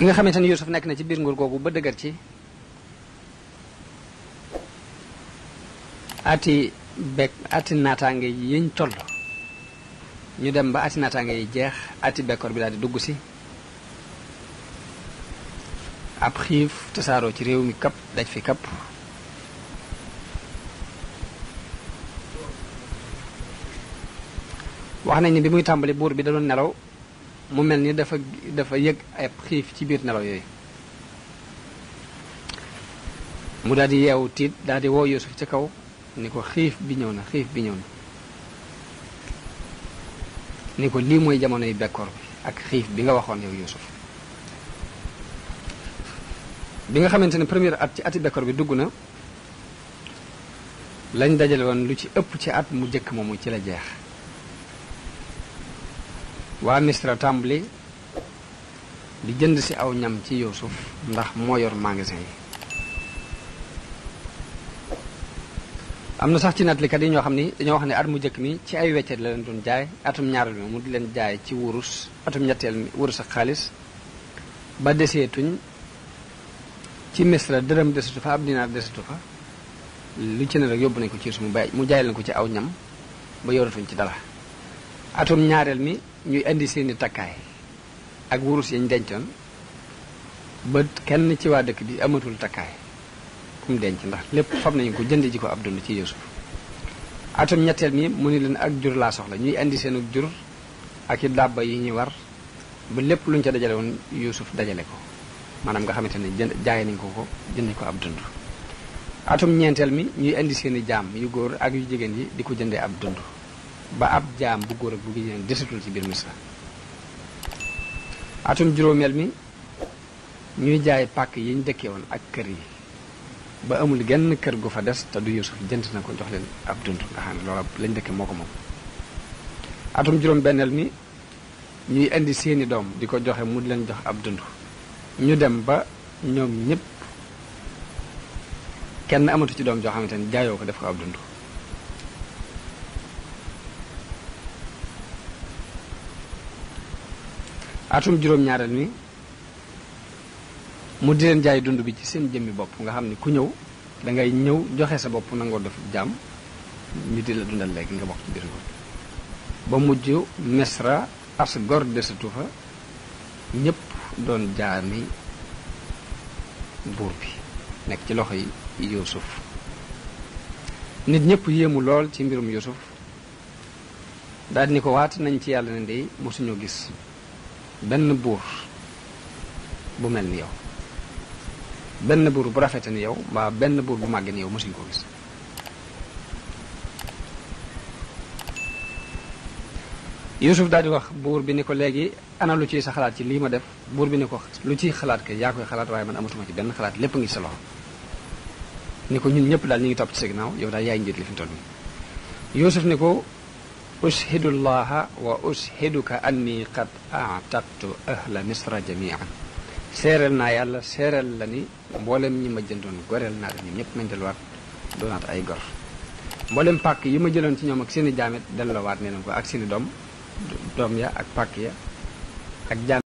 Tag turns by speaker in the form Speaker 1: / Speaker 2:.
Speaker 1: bi nga xamante yusuf nekk na ci biir nguur googu ba dëgër ci ati bek ati natangi yiñ toll ñu dem ba ati natangi yi jeex ati bekor bi daal di dugg si ab xiif tasaaroo ci réew mi kap daj fi kap wax nañ ni bi muy tàmbali buur bi da doon nelaw mu mel ni dafa dafa yëg ab xiif ci biir nelaw yooyu mu daldi yeewu tiit daal di Yuusuf ci kaw ni ko xiif bi ñëw na xiif bi ñëw na ni ko lii mooy jamono yi bekkoor bi ak xiif bi nga waxoon yow Yuusuf bi nga xamante ne premier at ci ati bekkoor bi dugg na lañ dajale woon lu ci ëpp ci at mu jëkk moomu ci la jeex waa mistre tàmbali di jënd si aw ñam ci yuusuf ndax moo yor magasin yi am na sax ci nattalikat yi ñoo xam ni dañoo wax ne at mu njëkk mi ci ay weccet la leen doon jaay atum ñaareel mi mu di leen jaay ci wurus atum ñetteel mi wurus xaalis ba desee tuñ ci misra dërëm desetu fa ab dinaar desetu fa lu ci ne rek yóbbu nañ ko ci yuusuf mu bay mu jaay leen ko ci aw ñam ba yoratuñ ci dara atum ñaareel mi ñuy indi seeni takkaay ak wurus yañ dencoon ba kenn ci waa dëkk bi amatul takkaay kum denc ndax lépp fab nañu ko jënd ji ko ab dund ci Yuusuf atum ñetteel mi mu ni leen ak jur laa soxla ñuy indi seenu jur ak i dàbb yi ñuy war ba lépp luñ ca dajale woon Yuusuf dajale ko maanaam nga xamante ni jaay nañ ko ko jënd ko ab dund atum ñeenteel mi ñuy indi seeni jaam yu góor ak yu jigéen yi di ko jëndee ab dund ba ab jaam bu góor ak bu jigéen desatul ci biir misra atum juróomeel mi ñuy jaay pàkk yi ñu dëkkee woon ak kër yi ba amul genn kër gu fa des te du Yuusuf jënt na ko jox leen ab dund nga xam ne loola lañ dëkkee moo ko moom atum juróom benneel mi ñuy indi seeni doom di ko joxe mu leen jox ab dund ñu dem ba ñoom ñëpp kenn amatu ci doom joo xamante ni jaayoo ko def ko ab dund atum juróom-ñaareel mi mu di leen jaay dund bi ci seen jëmmi bopp nga xam ne ku ñëw dangay ñëw joxe sa bopp nangoo def jaam ñu di la dundal léegi nga bokk ci biir ba mujj mesra as gor desatu fa ñëpp doon jaami buur bi nekk ci loxo yi Yuusuf nit ñëpp yéemu lool ci mbirum Yuusuf daal ni ko waat nañ ci yàlla ne ndey mosuñoo gis benn buur bu mel ni yow benn buur bu rafete ni yow mbaa benn buur bu màgge ni yow mësuñ koo gis Yuusuf daal di wax buur bi ni ko léegi ana lu ciy sa xalaat ci lii ma def buur bi ni ko lu ciy xalaat kay yaa koy xalaat waaye man amatuma ci benn xalaat lépp ngi sa loxo ni ko ñun ñëpp daal ñu ngi topp ci sa ginnaaw yow daal yaay njiit li fi toll nii Yuusuf ni ko ushidu allaha wa ushiduka anni qad ataqtu ahla misra jamian seereel naa yàlla seereel la ni ñi ma jëndoon goreel naa la ñoom ñëpp mañ delluwaat doonaat ay gor mboolem pàkk yi ma jëloon ci ñoom ak seeni jaamet delloowaat nee nañ ko ak seeni doom doom ya ak pàkk ya ak jaam